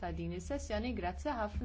ta' din is-sessjoni. Grazzi ħafna.